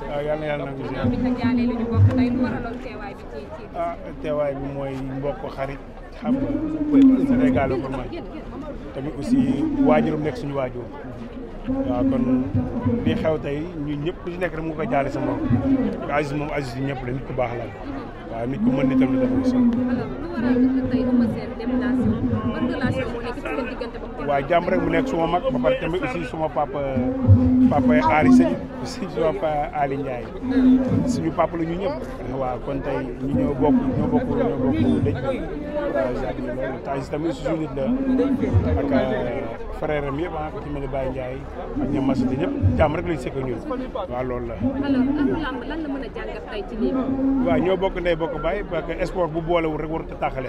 Ah, yàlla nangu si ah teewaay bi mooy mbokk xarit xam nga Sénégal pour man tamit aussi waajurum nekk suñu waajur waaw kon li xew tey ñun ñëpp ku ci nekk rek mu ko jaale sa moom Aziz moom Aziz yi ñëpp la nit ku baax la waaw nit ku mën nitam li dafa aussi waaw jàmm rek mu nekk suma mag ba pare tamit aussi suma papa papa aari sëñ suma papa Ali la ñu ñëpp waaw kon tey ñu ñoo bokk ñoo bokk ñoo bokk dëj bi waaw jadi loolu tagi tamit la ak euh, frère am yëpp ah ki mel ni Baye Ndiaye ak ñoom Masady ñëpp jàmm rek lañ sekk ñun waaw loolu la waaw ñoo bokk ndey bokk baay parce que sport bu boolewul rek warut a tàqale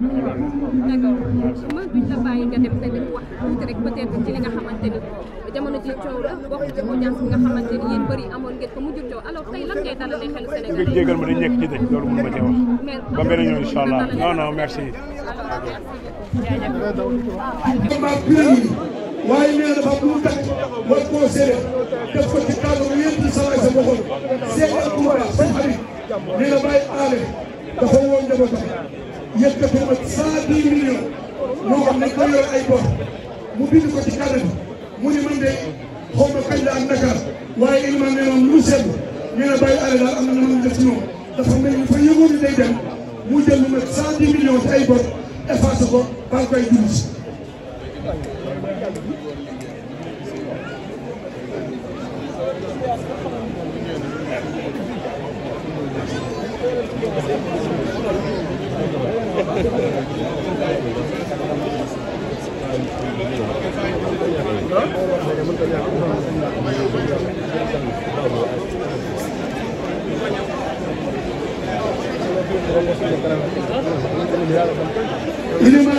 d'accord mën duñ nga dem tamit wax nga xamante ji coow la bokk ci audience bi nga xamante ni yéen bëri amoon ngeen ko mu coow alors tey lan ngay dalalee xelu Sénégal nga ma dañ nekk ci dëj loolu mën ma cee wax ba beneen yoon incha allah non non merci ma pire yi waaye nee na ba aale dafa woon njabootam yëkkati ba cent dix millions ne ko ay bor mu bind ko ci kàddu mu ne man de xaw ma kañ la am Dakar waaye nee moom lu mu seetlu ñu ne bàyyi àll daal am na lu mu def ci ñoom dafa dem mu jël lu mat cent ay bor effacé ko ba koy dund ilimaan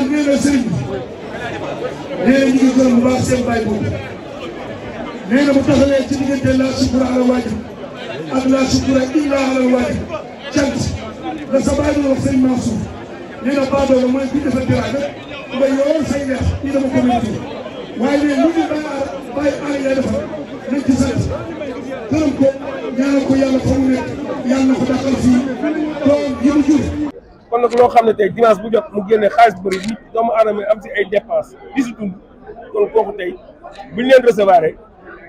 nee na sëriñ nee na ñu ngi gërëm bu baax seen bàyyi boobu nee na bu taxawee ci diggante laa sukura ala waajib ak laa sukura illa ala waajib cant la sa bàyyi doon wax sëriñ Mansour nee na kon nag loo xam ne tey dimanche bu jot mu génne xaalis bëri nit doomu aadama am si ay dépense di si dund kon kooku tey buñ leen recevoir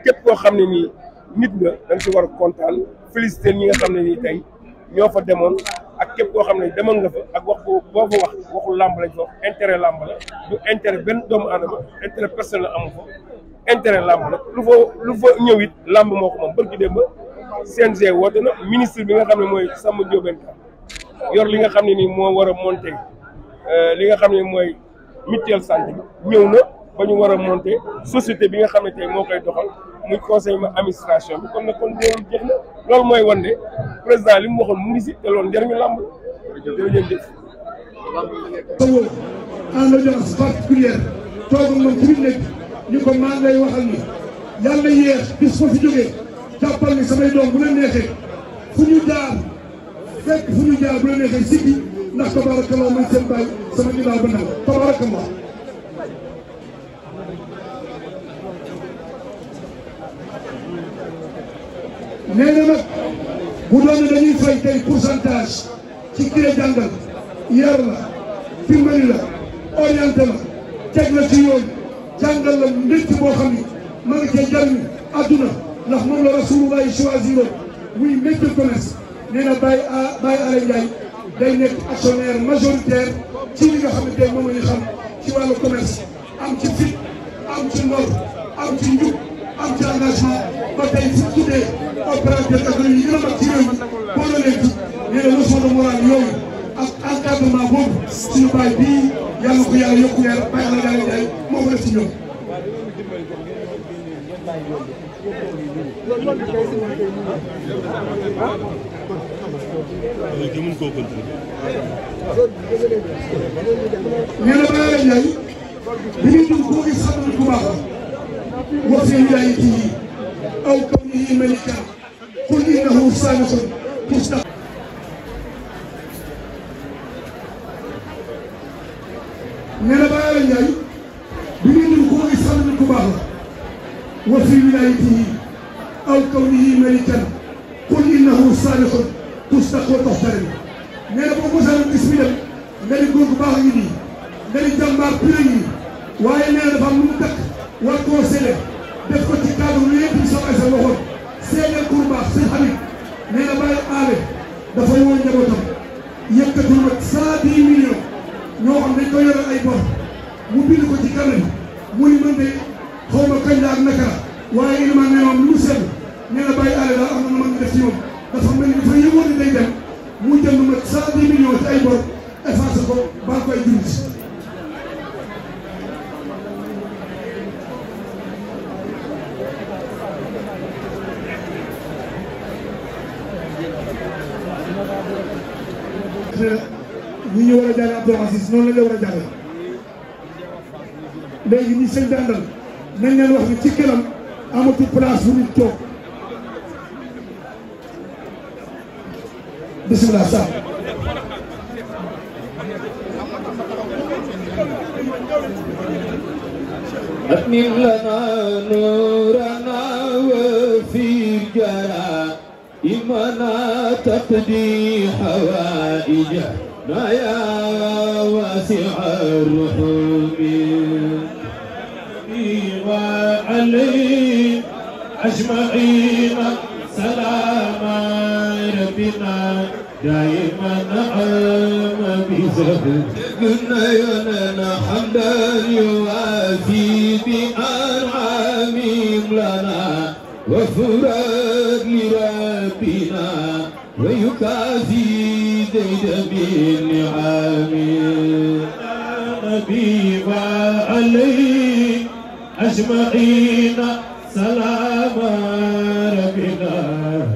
képp koo xam ne nii nit nga dañ ci war kontaan félicité ñi nga xam ne nii tey ñoo fa demoon ak képp koo xam ne demal nga fa ak wax boo boo fa wax waxul làmb lañ fa intérêt làmb la du intérêt benn doomu aadama intérêt personnel amu fa intéret làmb la lu fa lu fa ñëw it làmb moo ko moom bërki dem ba CNG woote na ministre bi nga xam ne mooy Samba Ndiobène yor li nga xam ne nii moo war a monter euh, li nga xam ne mooy mutuelle santé ñëw na ba ñu war a monter société bi nga xam ne tey moo koy doxal muy conseil ma administration loolu mooy wan ne président li mu waxoon mu ngi si te loolu njëriñu làmb la jërëjëf jëf en audience particulière toog moom ci nekk maa ngay waxal ni yàlla yéex bis fa fi jógee jàppal ni samay doom bu la neexee fu ñu jaar fekk fu ñu jaar bu la neexee sikki ndax tabarakallah man seen baay sama ginnaaw ba ndaw tabarakallah bu doon dañuy fay tey pourcentage ci ki la jàngal yar la dimbali la orienté la ci yoon jàngal la métti boo xam ni ma nga cee jariñu moom la Rasulullah choisir muy métier commerce nee na Baye Baye Alain Ndiaye day nekk actionnaire majoritaire ci li nga xamante ne moom la ñu xam ci wàllu commerce am ci fit am ci ngor am ci njub am ci engagement ba tey fu tuddee. opérateur ak yu gën a mag ci réew mi boo doonee jub nee na leçon de morale yooyu ak encadrement boobu suñu baay bii yàlla ko yàlla yokku leer bàyyi la yàlla jaay moo ko def ci ñoom. nee na balaa lay jaay bi ñuy dugg boo gis xam nañ bu baax la wax seen yaay ci yii. أو كونه ملكا قل إنه صالح مستقبل nee na Baye Alioune Ndiaye bi ñu indil ku bëgg sax nit ku baax la wa fi wilayatihi aw kawnihi malikan qul innahu saalihun tustaq wa toxtarin nee na boo mosaan gis bi dem nga di góor gu baax ngi nii nga di jàmbaar pire ngi waaye nee na dafa am lu mu takk war koo séddee def ko ci cadre lu yëpp soxla sa waxoon seedeel pour baax seen xarit nee dafa woo njabootam yëkkatul nag cent dix ñoo xam ne ko yore ay bor mu bind ko ci kanam muy mën de kañ la ak naka la waaye iliman nee moom mu seetlu nee na bàyyi aale daal am na lu mën def ci moom dafa mel ni dafa yëngoon ni day dem mu jënd nag cent dix ay bor effacé ko bal koy jullit Abdou Aziz noonu la ñu war a jàllale. léegi ñi sëñ bi àndal nañ leen wax ne ci kanam amatu place bu nit toog. bisimilah saa. أتمم لنا نورنا وفي جرائمنا تقضي حوائجه يا واسع الرحوم وعلي أجمعين سلام ربنا دائما نعم بزهدنا يننا حمدا يوافي بأنعام لنا وفراد لربنا ويكافي زيد بالنعم نبي عليه أجمعين سلام ربنا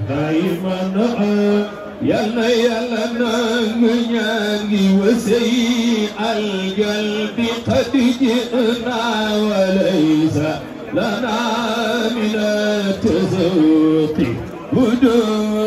دائما يلا يلا نغني وسيء القلب قد جئنا وليس لنا من التزوق هدوء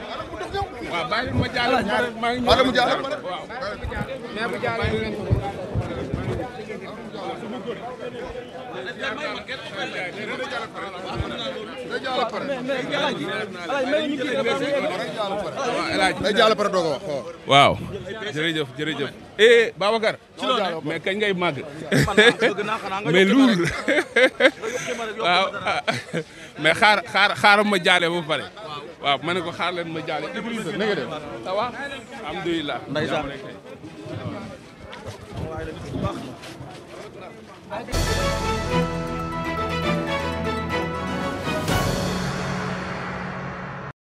waaw bàyyi ma jàll maa ngi ñëw mu eh, ngay màgg ah, mais loolu waaw mais xaar xaar xaaral ma jaale ba pare waaw ma ne ko xaar leen ma jaale Idrissa na nga def ça va alhamdulilah ndeysaan waaw